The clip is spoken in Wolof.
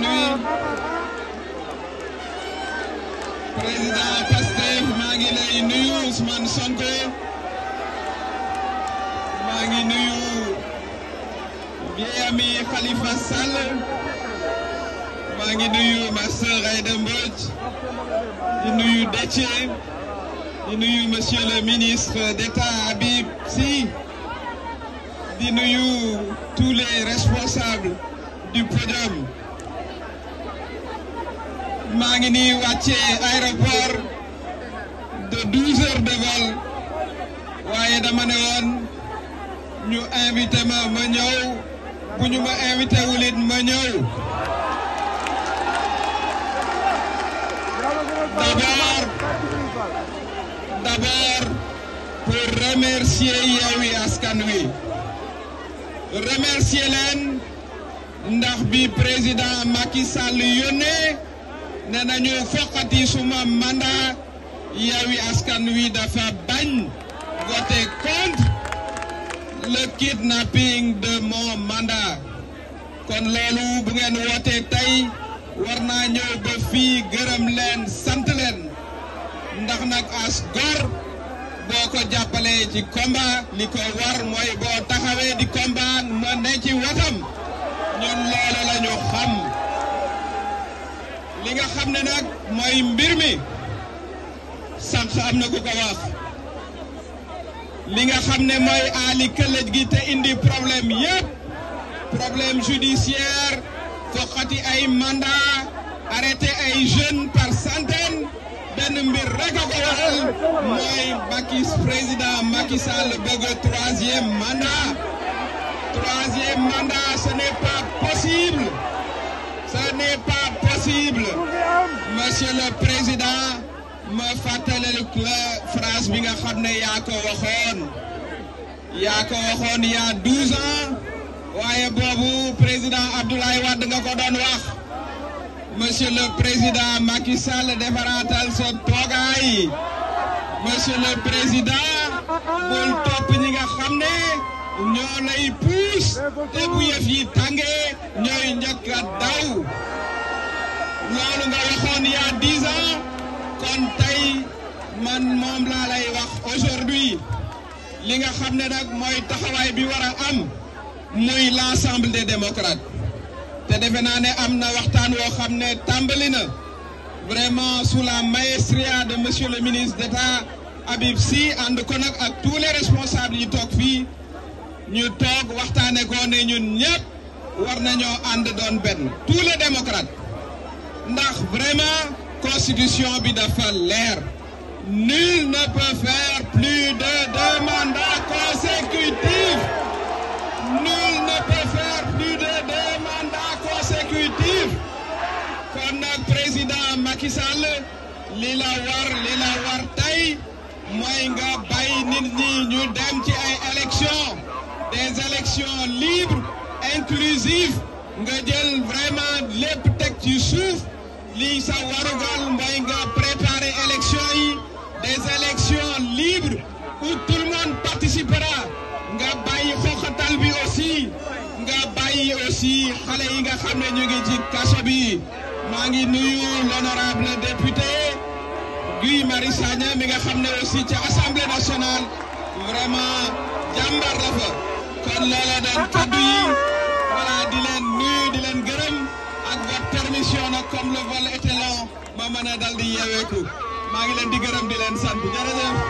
la président Pastef maa ngi lay nuyu Ousmane Sonko maa ngi nuyu vieil Khalifa Sall maa ngi nuyu ma sœur di nuyu Déthié di nuyu monsieur le ministre d'État Habib Sy di nuyu tous les responsables du podium maa ngi nii wàccee aéroport de 12 heures waaye dama ne ñu invité ma ma ñëw bu ñu ma invité wulit ma ñëw. d'abord d'abord pour remercier Yewwi Askan Wi remercier leen ndax bi président Macky Sall yónnee. nee nañu fekkati suma mandat Yewwi Askan Wi dafa bañ voter contre le kidnapping de mon mandat kon loolu bu ngeen wootee tey war naa ñëw ba fii gërëm leen sant leen ndax nag as góor boo ko jàppalee ci combat li ko war mooy boo taxawee di combat ma ne ci xam mbir mi sànq am na ku ko li nga xam ne mooy aali këllëj te indi problème yépp problème judiciaire foqati ay mandat arrêté ay jeunes par centaine benn mbir rek président Macky Sall bëgg mandat troisième mandat ce pas monsieur le président ma fàttali la bi nga xam ne yaa waxoon yaa waxoon il a 12 ans waaye boobu président Abdoulaye Wade nga ko doon wax monsieur le président Macky Sall defaraatal toogaay monsieur le président bul topp ñi nga xam ne ñoo lay puus te bu yëf yi ñooy njëkk a daw. loolu nga waxoon il y a kon tey man moom laa lay wax aujourd'hui li nga xam ne nag mooy taxawaay bi war a am muy l'ensemble des démocrates te defe naa ne am na waxtaan woo xam ne tàmbali na vraiment sous la maestria de monsieur le ministre d'État Habib Sy ànd ko nag ak tous les responsables yi toog fii ñu toog waxtaane ko ne ñun ñëpp war nañoo ànd doon benn tous les démocrates ndax vraiment constitution bi dafa nul ne peut faire plus de deux consécutifs nul président Macky li la war li la war tey mooy nga bàyyi nit ñi ñu dem ci ay des élections libres inclusives nga jël vraiment lépp teg ci suuf lii sa warugal nga préparer élection yi des élections libres où tout le monde participera nga bàyyi xoxatal aussi nga bàyyi aussi xale yi nga xam ne ñu ngi ci kaso bi maa ngi nuyu l'honorable député Guy Marius Sagna mi nga xam ne aussi ci assemblée nationale vraiment jàmbar la fa kon loola doon kaddu di leen. leen gërëm ak votre permission nag comme le vol était long ma mën a dal di yeeweeku maa ngi leen di gërëm di leen sant jërëjëf.